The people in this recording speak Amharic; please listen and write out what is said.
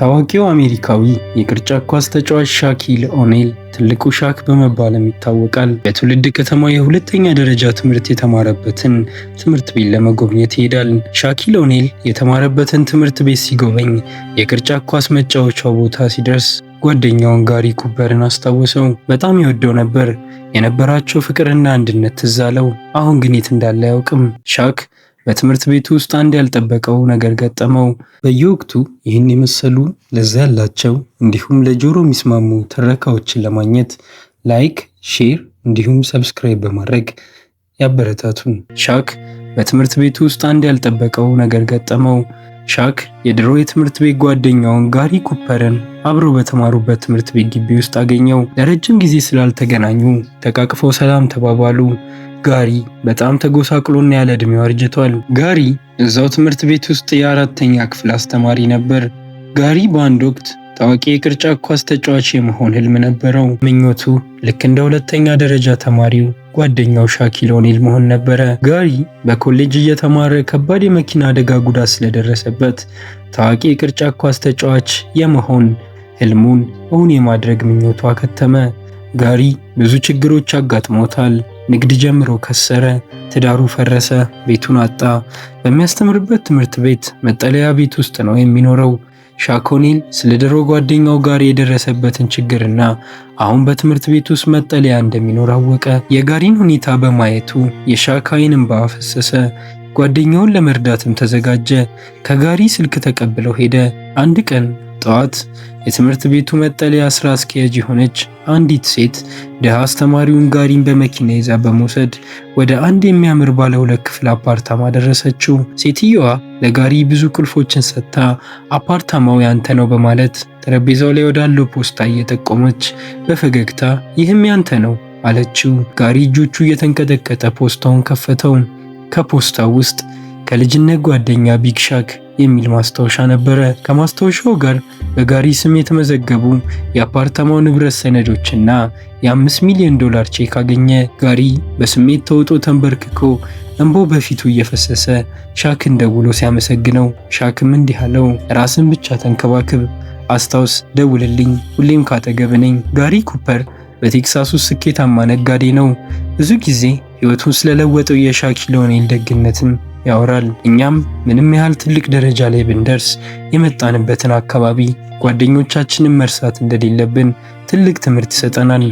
ታዋቂው አሜሪካዊ የቅርጫት ኳስ ተጫዋች ሻኪል ኦኔል ትልቁ ሻክ በመባልም ይታወቃል። በትውልድ ከተማ የሁለተኛ ደረጃ ትምህርት የተማረበትን ትምህርት ቤት ለመጎብኘት ይሄዳል። ሻኪል ኦኔል የተማረበትን ትምህርት ቤት ሲጎበኝ የቅርጫት ኳስ መጫወቻው ቦታ ሲደርስ ጓደኛውን ጋሪ ኩበርን አስታወሰው። በጣም ይወደው ነበር። የነበራቸው ፍቅርና አንድነት ትዝ አለው። አሁን ግን የት እንዳለ አያውቅም። ሻክ በትምህርት ቤቱ ውስጥ አንድ ያልጠበቀው ነገር ገጠመው። በየወቅቱ ይህን የመሰሉ ለዛ ያላቸው እንዲሁም ለጆሮ የሚስማሙ ትረካዎችን ለማግኘት ላይክ፣ ሼር እንዲሁም ሰብስክራይብ በማድረግ ያበረታቱን። ሻክ በትምህርት ቤቱ ውስጥ አንድ ያልጠበቀው ነገር ገጠመው። ሻክ የድሮ የትምህርት ቤት ጓደኛውን ጋሪ ኩፐርን አብሮ በተማሩበት ትምህርት ቤት ግቢ ውስጥ አገኘው። ለረጅም ጊዜ ስላልተገናኙ ተቃቅፈው ሰላም ተባባሉ። ጋሪ በጣም ተጎሳቅሎና ያለ ዕድሜው አርጅቷል። ጋሪ እዛው ትምህርት ቤት ውስጥ የአራተኛ ክፍል አስተማሪ ነበር። ጋሪ በአንድ ወቅት ታዋቂ የቅርጫት ኳስ ተጫዋች የመሆን ህልም ነበረው። ምኞቱ ልክ እንደ ሁለተኛ ደረጃ ተማሪው ጓደኛው ሻኪል ኦኒል መሆን ነበረ። ጋሪ በኮሌጅ እየተማረ ከባድ የመኪና አደጋ ጉዳት ስለደረሰበት ታዋቂ የቅርጫት ኳስ ተጫዋች የመሆን ህልሙን እውን የማድረግ ምኞቱ አከተመ። ጋሪ ብዙ ችግሮች አጋጥሞታል። ንግድ ጀምሮ ከሰረ፣ ትዳሩ ፈረሰ፣ ቤቱን አጣ። በሚያስተምርበት ትምህርት ቤት መጠለያ ቤት ውስጥ ነው የሚኖረው። ሻኮኔል ስለ ድሮ ጓደኛው ጋር የደረሰበትን ችግርና አሁን በትምህርት ቤት ውስጥ መጠለያ እንደሚኖር አወቀ። የጋሪን ሁኔታ በማየቱ የሻካይን እንባ አፈሰሰ። ጓደኛውን ለመርዳትም ተዘጋጀ። ከጋሪ ስልክ ተቀብለው ሄደ። አንድ ቀን ጠዋት የትምህርት ቤቱ መጠለያ ስራ አስኪያጅ የሆነች አንዲት ሴት ድሃ አስተማሪውን ጋሪን በመኪና ይዛ በመውሰድ ወደ አንድ የሚያምር ባለ ሁለት ክፍል አፓርታማ ደረሰችው። ሴትየዋ ለጋሪ ብዙ ቁልፎችን ሰጥታ አፓርታማው ያንተ ነው በማለት ጠረጴዛው ላይ ወዳለው ፖስታ እየጠቆመች በፈገግታ ይህም ያንተ ነው አለችው። ጋሪ እጆቹ እየተንቀጠቀጠ ፖስታውን ከፈተው። ከፖስታው ውስጥ ከልጅነት ጓደኛ ቢግሻክ የሚል ማስታወሻ ነበረ። ከማስታወሻው ጋር በጋሪ ስም የተመዘገቡ የአፓርታማው ንብረት ሰነዶችና የአምስት ሚሊዮን ዶላር ቼክ አገኘ። ጋሪ በስሜት ተውጦ ተንበርክኮ እንቦ በፊቱ እየፈሰሰ ሻክን ደውሎ ሲያመሰግነው፣ ሻክም እንዲህ አለው፣ ራስን ብቻ ተንከባክብ፣ አስታውስ፣ ደውልልኝ፣ ሁሌም ካጠገብ ነኝ። ጋሪ ኩፐር በቴክሳስ ውስጥ ስኬታማ ነጋዴ ነው። ብዙ ጊዜ ህይወቱን ስለለወጠው የሻኪ ሎኔል ደግነትም ያወራል። እኛም ምንም ያህል ትልቅ ደረጃ ላይ ብንደርስ የመጣንበትን አካባቢ ጓደኞቻችንን መርሳት እንደሌለብን ትልቅ ትምህርት ይሰጠናል።